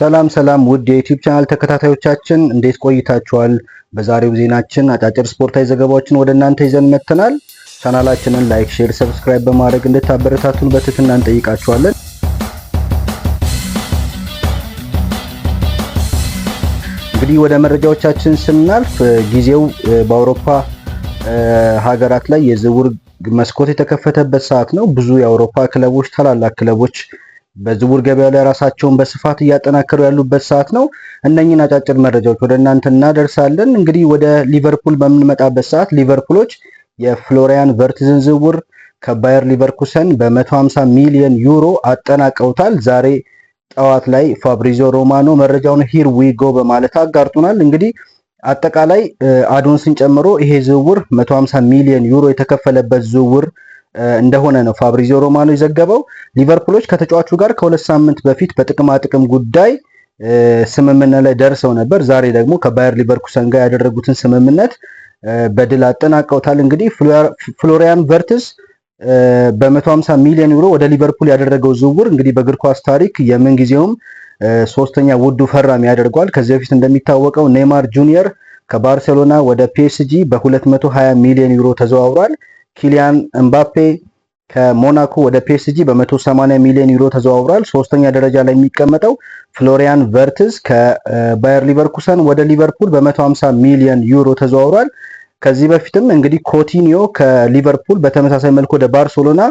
ሰላም ሰላም ውድ የዩቲዩብ ቻናል ተከታታዮቻችን እንዴት ቆይታችኋል? በዛሬው ዜናችን አጫጭር ስፖርታዊ ዘገባዎችን ወደ እናንተ ይዘን መጥተናል። ቻናላችንን ላይክ፣ ሼር፣ ሰብስክራይብ በማድረግ እንድታበረታቱን በትህትና እንጠይቃችኋለን። እንግዲህ ወደ መረጃዎቻችን ስናልፍ ጊዜው በአውሮፓ ሀገራት ላይ የዝውውር መስኮት የተከፈተበት ሰዓት ነው። ብዙ የአውሮፓ ክለቦች ታላላቅ ክለቦች በዝውውር ገበያ ላይ ራሳቸውን በስፋት እያጠናከሩ ያሉበት ሰዓት ነው። እነኝን አጫጭር መረጃዎች ወደ እናንተ እናደርሳለን። እንግዲህ ወደ ሊቨርፑል በምንመጣበት ሰዓት ሊቨርፑሎች የፍሎሪያን ቨርትዝን ዝውውር ከባየር ሊቨርኩሰን በ150 ሚሊዮን ዩሮ አጠናቀውታል። ዛሬ ጠዋት ላይ ፋብሪዞ ሮማኖ መረጃውን ሂር ዊጎ በማለት አጋርጡናል። እንግዲህ አጠቃላይ አዶንስን ጨምሮ ይሄ ዝውውር 150 ሚሊዮን ዩሮ የተከፈለበት ዝውውር እንደሆነ ነው ፋብሪዚዮ ሮማኖ የዘገበው። ሊቨርፑሎች ከተጫዋቹ ጋር ከሁለት ሳምንት በፊት በጥቅማጥቅም ጉዳይ ስምምነት ላይ ደርሰው ነበር። ዛሬ ደግሞ ከባየር ሊቨርኩሰን ጋር ያደረጉትን ስምምነት በድል አጠናቀውታል። እንግዲህ ፍሎሪያን ቨርትስ በ150 ሚሊዮን ዩሮ ወደ ሊቨርፑል ያደረገው ዝውውር እንግዲህ በእግር ኳስ ታሪክ የምን ጊዜውም ሶስተኛ ውዱ ፈራሚ ያደርገዋል። ከዚህ በፊት እንደሚታወቀው ኔማር ጁኒየር ከባርሴሎና ወደ ፒኤስጂ በ220 ሚሊዮን ዩሮ ተዘዋውሯል። ኪሊያን እምባፔ ከሞናኮ ወደ ፒኤስጂ በ180 ሚሊዮን ዩሮ ተዘዋውሯል። ሶስተኛ ደረጃ ላይ የሚቀመጠው ፍሎሪያን ቨርትስ ከባየር ሊቨርኩሰን ወደ ሊቨርፑል በ150 ሚሊዮን ዩሮ ተዘዋውሯል። ከዚህ በፊትም እንግዲህ ኮቲኒዮ ከሊቨርፑል በተመሳሳይ መልኩ ወደ ባርሴሎና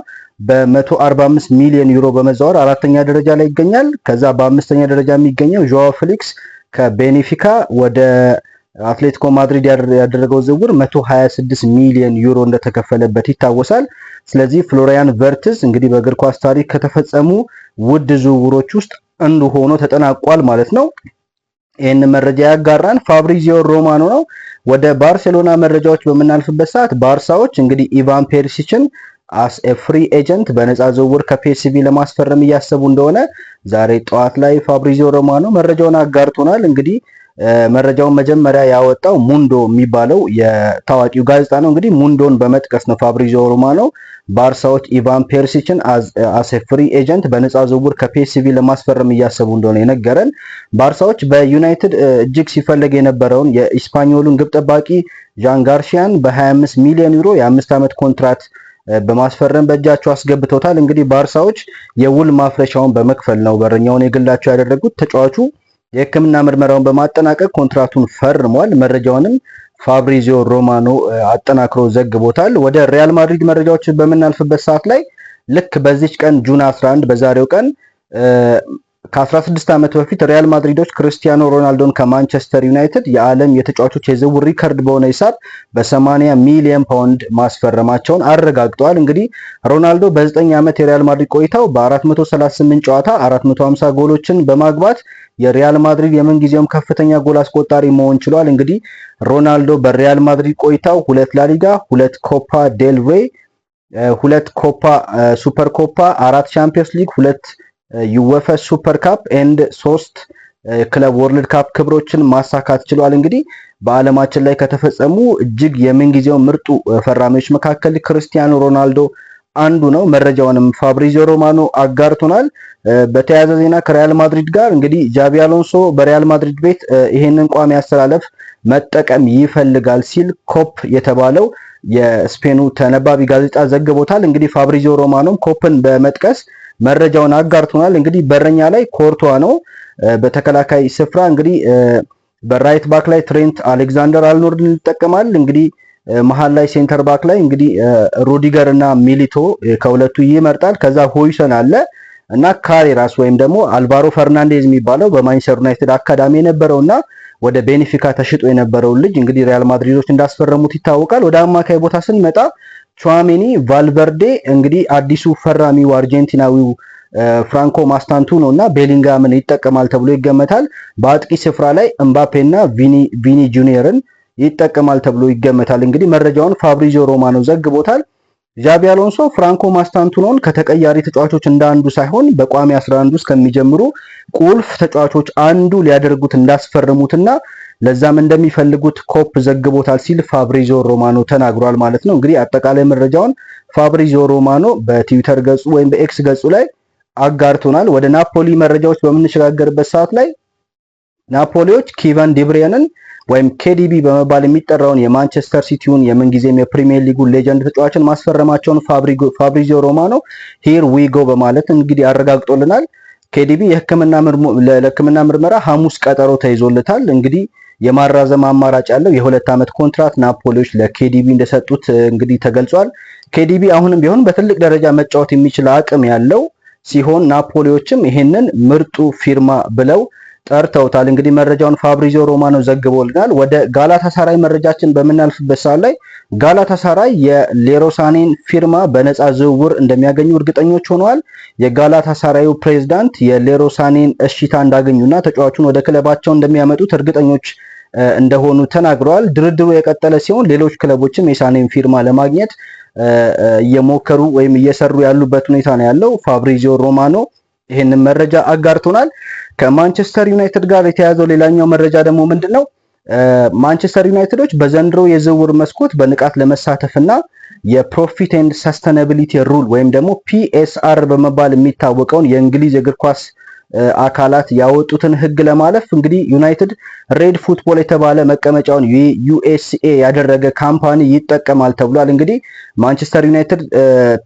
በ145 ሚሊዮን ዩሮ በመዘዋወር አራተኛ ደረጃ ላይ ይገኛል። ከዛ በአምስተኛ ደረጃ የሚገኘው ዣዋ ፊሊክስ ከቤኔፊካ ወደ አትሌቲኮ ማድሪድ ያደረገው ዝውውር 126 ሚሊዮን ዩሮ እንደተከፈለበት ይታወሳል። ስለዚህ ፍሎሪያን ቨርትስ እንግዲህ በእግር ኳስ ታሪክ ከተፈጸሙ ውድ ዝውውሮች ውስጥ አንዱ ሆኖ ተጠናቋል ማለት ነው። ይህን መረጃ ያጋራን ፋብሪዚዮ ሮማኖ ነው። ወደ ባርሴሎና መረጃዎች በምናልፍበት ሰዓት ባርሳዎች እንግዲህ ኢቫን ፔሪሲችን አስ ፍሪ ኤጀንት በነፃ ዝውውር ከፒኤስቪ ለማስፈረም እያሰቡ እንደሆነ ዛሬ ጠዋት ላይ ፋብሪዚዮ ሮማኖ መረጃውን አጋርቶናል። እንግዲህ መረጃውን መጀመሪያ ያወጣው ሙንዶ የሚባለው የታዋቂው ጋዜጣ ነው። እንግዲህ ሙንዶን በመጥቀስ ነው ፋብሪዚዮ ሮማኖ ባርሳዎች ኢቫን ፔርሲችን አስ ፍሪ ኤጀንት በነፃ ዝውውር ከፒኤስቪ ለማስፈረም እያሰቡ እንደሆነ የነገረን። ባርሳዎች በዩናይትድ እጅግ ሲፈለግ የነበረውን የኢስፓኞሉን ግብ ጠባቂ ዣን ጋርሺያን በ25 ሚሊዮን ዩሮ የአምስት ዓመት ኮንትራት በማስፈረም በእጃቸው አስገብተውታል። እንግዲህ ባርሳዎች የውል ማፍረሻውን በመክፈል ነው በረኛውን የግላቸው ያደረጉት። ተጫዋቹ የሕክምና ምርመራውን በማጠናቀቅ ኮንትራቱን ፈርሟል። መረጃውንም ፋብሪዚዮ ሮማኖ አጠናክሮ ዘግቦታል። ወደ ሪያል ማድሪድ መረጃዎች በምናልፍበት ሰዓት ላይ ልክ በዚች ቀን ጁን 11 በዛሬው ቀን ከ16 ዓመት በፊት ሪያል ማድሪዶች ክርስቲያኖ ሮናልዶን ከማንቸስተር ዩናይትድ የዓለም የተጫዋቾች የዝውውር ሪከርድ በሆነ ሂሳብ በ80 ሚሊዮን ፓውንድ ማስፈረማቸውን አረጋግጠዋል። እንግዲህ ሮናልዶ በ9 ዓመት የሪያል ማድሪድ ቆይታው በ438 ጨዋታ 450 ጎሎችን በማግባት የሪያል ማድሪድ የምንጊዜውም ከፍተኛ ጎል አስቆጣሪ መሆን ችሏል። እንግዲህ ሮናልዶ በሪያል ማድሪድ ቆይታው ሁለት ላሊጋ፣ ሁለት ኮፓ ዴልሬ፣ ሁለት ኮፓ ሱፐር ኮፓ፣ አራት ቻምፒዮንስ ሊግ፣ ሁለት ዩዌፋ ሱፐር ካፕ ኤንድ ሶስት ክለብ ወርልድ ካፕ ክብሮችን ማሳካት ችሏል። እንግዲህ በዓለማችን ላይ ከተፈጸሙ እጅግ የምንጊዜው ምርጡ ፈራሚዎች መካከል ክርስቲያኖ ሮናልዶ አንዱ ነው። መረጃውንም ፋብሪዚዮ ሮማኖ አጋርቶናል። በተያያዘ ዜና ከሪያል ማድሪድ ጋር እንግዲህ ጃቢ አሎንሶ በሪያል ማድሪድ ቤት ይሄንን ቋሚ አስተላለፍ መጠቀም ይፈልጋል ሲል ኮፕ የተባለው የስፔኑ ተነባቢ ጋዜጣ ዘግቦታል። እንግዲህ ፋብሪዚዮ ሮማኖም ኮፕን በመጥቀስ መረጃውን አጋርቶናል። እንግዲህ በረኛ ላይ ኮርቷ ነው። በተከላካይ ስፍራ እንግዲህ በራይት ባክ ላይ ትሬንት አሌክዛንደር አልኖርድ ይጠቀማል። እንግዲህ መሀል ላይ ሴንተር ባክ ላይ እንግዲህ ሩዲገር እና ሚሊቶ ከሁለቱ ይመርጣል። ከዛ ሆይሰን አለ እና ካሬራስ ወይም ደግሞ አልቫሮ ፈርናንዴዝ የሚባለው በማንቸስተር ዩናይትድ አካዳሚ የነበረው እና ወደ ቤኔፊካ ተሽጦ የነበረውን ልጅ እንግዲህ ሪያል ማድሪዶች እንዳስፈረሙት ይታወቃል። ወደ አማካይ ቦታ ስንመጣ ቹዋሜኒ፣ ቫልቨርዴ እንግዲህ አዲሱ ፈራሚው አርጀንቲናዊው ፍራንኮ ማስታንቱ ነው እና ቤሊንጋምን ይጠቀማል ተብሎ ይገመታል። በአጥቂ ስፍራ ላይ እምባፔና ቪኒ ጁኒየርን ይጠቀማል ተብሎ ይገመታል። እንግዲህ መረጃውን ፋብሪዚዮ ሮማኖ ዘግቦታል። ዣቢ አሎንሶ ፍራንኮ ማስታንቱኖን ከተቀያሪ ተጫዋቾች እንደ አንዱ ሳይሆን በቋሚ 11 ውስጥ ከሚጀምሩ ቁልፍ ተጫዋቾች አንዱ ሊያደርጉት እንዳስፈርሙትና ለዛም እንደሚፈልጉት ኮፕ ዘግቦታል ሲል ፋብሪዞ ሮማኖ ተናግሯል ማለት ነው። እንግዲህ አጠቃላይ መረጃውን ፋብሪዞ ሮማኖ በትዊተር ገጹ ወይም በኤክስ ገጹ ላይ አጋርቶናል። ወደ ናፖሊ መረጃዎች በምንሸጋገርበት ሰዓት ላይ ናፖሊዎች ኪቨን ዲብሪየንን ወይም ኬዲቢ በመባል የሚጠራውን የማንቸስተር ሲቲውን የምንጊዜም የፕሪሚየር ሊጉ ሌጀንድ ተጫዋችን ማስፈረማቸውን ፋብሪዞ ሮማኖ ሂር ዊጎ በማለት እንግዲህ አረጋግጦልናል። ኬዲቢ ለሕክምና ምርመራ ሐሙስ ቀጠሮ ተይዞለታል። እንግዲህ የማራዘም አማራጭ ያለው የሁለት ዓመት ኮንትራት ናፖሊዎች ለኬዲቢ እንደሰጡት እንግዲህ ተገልጿል። ኬዲቢ አሁንም ቢሆን በትልቅ ደረጃ መጫወት የሚችል አቅም ያለው ሲሆን ናፖሊዎችም ይህንን ምርጡ ፊርማ ብለው ጠርተውታል። እንግዲህ መረጃውን ፋብሪዚዮ ሮማኖ ዘግቦልናል። ወደ ጋላታሳራይ መረጃችን በምናልፍበት ሰዓት ላይ ጋላታሳራይ የሌሮሳኔን ፊርማ በነፃ ዝውውር እንደሚያገኙ እርግጠኞች ሆነዋል። የጋላታሳራዩ ፕሬዝዳንት የሌሮሳኔን እሽታ እንዳገኙና ተጫዋቹን ወደ ክለባቸው እንደሚያመጡት እርግጠኞች እንደሆኑ ተናግረዋል። ድርድሩ የቀጠለ ሲሆን ሌሎች ክለቦችም የሳኔን ፊርማ ለማግኘት እየሞከሩ ወይም እየሰሩ ያሉበት ሁኔታ ነው ያለው ፋብሪዚዮ ሮማኖ ይህንን መረጃ አጋርቶናል። ከማንቸስተር ዩናይትድ ጋር የተያዘው ሌላኛው መረጃ ደግሞ ምንድን ነው? ማንቸስተር ዩናይትዶች በዘንድሮ የዝውውር መስኮት በንቃት ለመሳተፍና የፕሮፊት ኤንድ ሰስተናቢሊቲ ሩል ወይም ደግሞ ፒኤስአር በመባል የሚታወቀውን የእንግሊዝ የእግር ኳስ አካላት ያወጡትን ህግ ለማለፍ እንግዲህ ዩናይትድ ሬድ ፉትቦል የተባለ መቀመጫውን ዩኤስኤ ያደረገ ካምፓኒ ይጠቀማል ተብሏል። እንግዲህ ማንቸስተር ዩናይትድ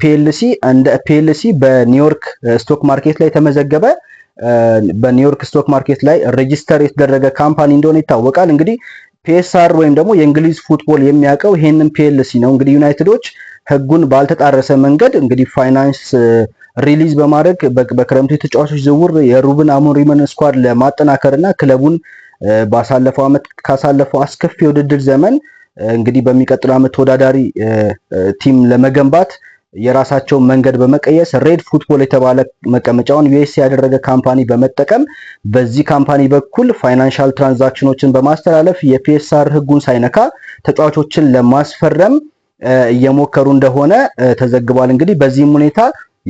ፒኤልሲ እንደ ፒኤልሲ በኒውዮርክ ስቶክ ማርኬት ላይ የተመዘገበ በኒውዮርክ ስቶክ ማርኬት ላይ ሬጂስተር የተደረገ ካምፓኒ እንደሆነ ይታወቃል። እንግዲህ ፒኤስአር ወይም ደግሞ የእንግሊዝ ፉትቦል የሚያውቀው ይሄንን ፒኤልሲ ነው። እንግዲህ ዩናይትዶች ህጉን ባልተጣረሰ መንገድ እንግዲህ ፋይናንስ ሪሊዝ በማድረግ በክረምቱ የተጫዋቾች ዝውውር የሩብን አሞሪምን ስኳድ ለማጠናከር እና ክለቡን ባሳለፈው ዓመት ካሳለፈው አስከፊ የውድድር ዘመን እንግዲህ በሚቀጥለው ዓመት ተወዳዳሪ ቲም ለመገንባት የራሳቸውን መንገድ በመቀየስ ሬድ ፉትቦል የተባለ መቀመጫውን ዩኤስ ያደረገ ካምፓኒ በመጠቀም በዚህ ካምፓኒ በኩል ፋይናንሻል ትራንዛክሽኖችን በማስተላለፍ የፒኤስአር ሕጉን ሳይነካ ተጫዋቾችን ለማስፈረም እየሞከሩ እንደሆነ ተዘግቧል። እንግዲህ በዚህም ሁኔታ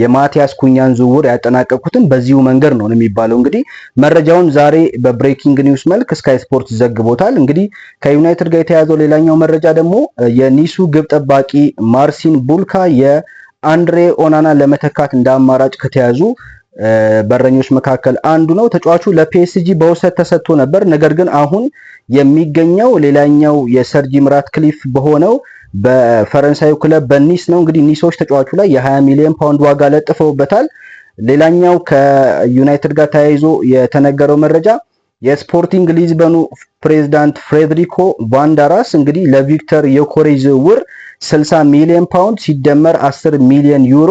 የማቲያስ ኩኛን ዝውውር ያጠናቀቁትን በዚሁ መንገድ ነው የሚባለው። እንግዲህ መረጃውን ዛሬ በብሬኪንግ ኒውስ መልክ ስካይ ስፖርት ዘግቦታል። እንግዲህ ከዩናይትድ ጋር የተያዘው ሌላኛው መረጃ ደግሞ የኒሱ ግብ ጠባቂ ማርሲን ቡልካ የአንድሬ ኦናና ለመተካት እንደ አማራጭ ከተያዙ በረኞች መካከል አንዱ ነው። ተጫዋቹ ለፒኤስጂ በውሰት ተሰጥቶ ነበር። ነገር ግን አሁን የሚገኘው ሌላኛው የሰርጂ ምራት ክሊፍ በሆነው በፈረንሳዩ ክለብ በኒስ ነው። እንግዲህ ኒሶች ተጫዋቹ ላይ የ20 ሚሊዮን ፓውንድ ዋጋ ለጥፈውበታል። ሌላኛው ከዩናይትድ ጋር ተያይዞ የተነገረው መረጃ የስፖርቲንግ ሊዝበኑ ፕሬዚዳንት ፍሬድሪኮ ቫንዳራስ እንግዲህ ለቪክተር የኮሬ ዝውውር 60 ሚሊዮን ፓውንድ ሲደመር 10 ሚሊዮን ዩሮ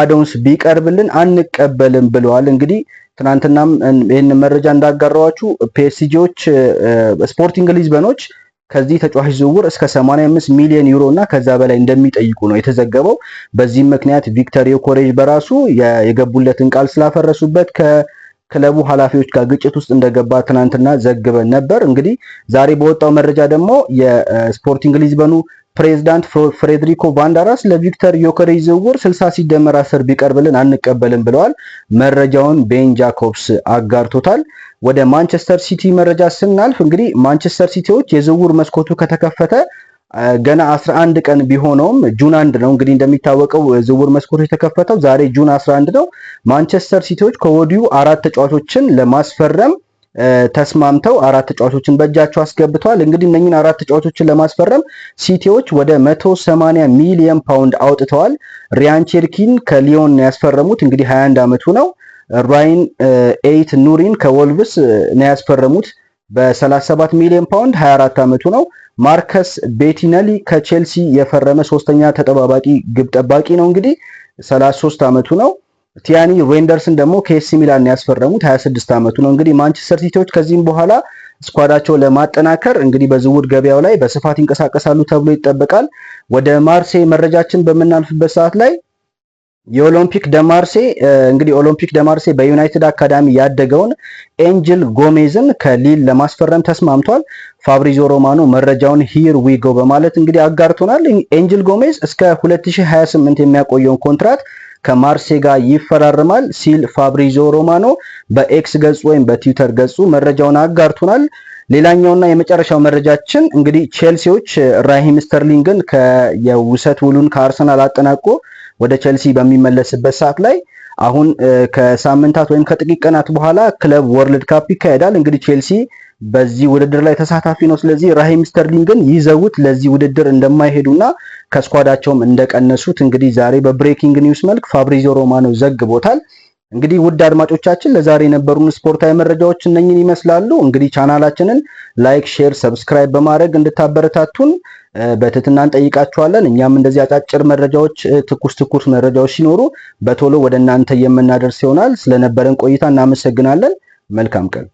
አዶንስ ቢቀርብልን አንቀበልም ብለዋል። እንግዲህ ትናንትናም ይህን መረጃ እንዳጋራዋችሁ ፒኤስጂዎች ስፖርቲንግ ሊዝበኖች ከዚህ ተጫዋች ዝውውር እስከ 85 ሚሊዮን ዩሮ እና ከዛ በላይ እንደሚጠይቁ ነው የተዘገበው። በዚህም ምክንያት ቪክተር ዮኮሬጅ በራሱ የገቡለትን ቃል ስላፈረሱበት ከክለቡ ኃላፊዎች ጋር ግጭት ውስጥ እንደገባ ትናንትና ዘግበን ነበር። እንግዲህ ዛሬ በወጣው መረጃ ደግሞ የስፖርቲንግ ሊዝበኑ ፕሬዚዳንት ፍሬድሪኮ ቫንዳራስ ለቪክተር ዮከሬሽ ዝውውር 60 ሲደመር 10 ቢቀርብልን አንቀበልም ብለዋል። መረጃውን ቤን ጃኮብስ አጋርቶታል። ወደ ማንቸስተር ሲቲ መረጃ ስናልፍ እንግዲህ ማንቸስተር ሲቲዎች የዝውውር መስኮቱ ከተከፈተ ገና 11 ቀን ቢሆነውም ጁን 1 ነው እንግዲህ እንደሚታወቀው ዝውውር መስኮቱ የተከፈተው ዛሬ ጁን 11 ነው። ማንቸስተር ሲቲዎች ከወዲሁ አራት ተጫዋቾችን ለማስፈረም ተስማምተው አራት ተጫዋቾችን በእጃቸው አስገብተዋል። እንግዲህ እነኚህን አራት ተጫዋቾችን ለማስፈረም ሲቲዎች ወደ 180 ሚሊዮን ፓውንድ አውጥተዋል። ሪያን ቼርኪን ከሊዮን ያስፈረሙት እንግዲህ 21 ዓመቱ ነው። ራይን ኤይት ኑሪን ከወልቭስ ነው ያስፈረሙት በ37 ሚሊዮን ፓውንድ 24 ዓመቱ ነው። ማርከስ ቤቲነሊ ከቼልሲ የፈረመ ሶስተኛ ተጠባባቂ ግብ ጠባቂ ነው። እንግዲህ 33 ዓመቱ ነው። ቲያኒ ሬንደርስን ደግሞ ከኤሲ ሚላን ያስፈረሙት 26 ዓመቱ ነው። እንግዲህ ማንቸስተር ሲቲዎች ከዚህም በኋላ ስኳዳቸው ለማጠናከር እንግዲህ በዝውውር ገበያው ላይ በስፋት ይንቀሳቀሳሉ ተብሎ ይጠበቃል። ወደ ማርሴይ መረጃችን በምናልፍበት ሰዓት ላይ የኦሎምፒክ ደማርሴ እንግዲህ ኦሎምፒክ ደማርሴ በዩናይትድ አካዳሚ ያደገውን ኤንጅል ጎሜዝን ከሊል ለማስፈረም ተስማምቷል። ፋብሪዞ ሮማኖ መረጃውን ሂር ዊጎ በማለት እንግዲህ አጋርቶናል። ኤንጅል ጎሜዝ እስከ 2028 የሚያቆየውን ኮንትራት ከማርሴ ጋር ይፈራርማል ሲል ፋብሪዞ ሮማኖ በኤክስ ገጹ ወይም በትዊተር ገጹ መረጃውን አጋርቶናል። ሌላኛውና የመጨረሻው መረጃችን እንግዲህ ቼልሲዎች ራሂም ስተርሊንግን የውሰት ውሉን ከአርሰናል አጠናቆ ወደ ቼልሲ በሚመለስበት ሰዓት ላይ አሁን ከሳምንታት ወይም ከጥቂት ቀናት በኋላ ክለብ ወርልድ ካፕ ይካሄዳል። እንግዲህ ቼልሲ በዚህ ውድድር ላይ ተሳታፊ ነው። ስለዚህ ራሂም ስተርሊንግን ይዘውት ለዚህ ውድድር እንደማይሄዱና ከስኳዳቸውም እንደቀነሱት እንግዲህ ዛሬ በብሬኪንግ ኒውስ መልክ ፋብሪዚዮ ሮማኖ ዘግቦታል። እንግዲህ ውድ አድማጮቻችን ለዛሬ የነበሩን ስፖርታዊ መረጃዎች እነኝን ይመስላሉ። እንግዲህ ቻናላችንን ላይክ፣ ሼር፣ ሰብስክራይብ በማድረግ እንድታበረታቱን በትህትና እንጠይቃችኋለን። እኛም እንደዚህ አጫጭር መረጃዎች፣ ትኩስ ትኩስ መረጃዎች ሲኖሩ በቶሎ ወደ እናንተ የምናደርስ ይሆናል። ስለነበረን ቆይታ እናመሰግናለን። መልካም ቀን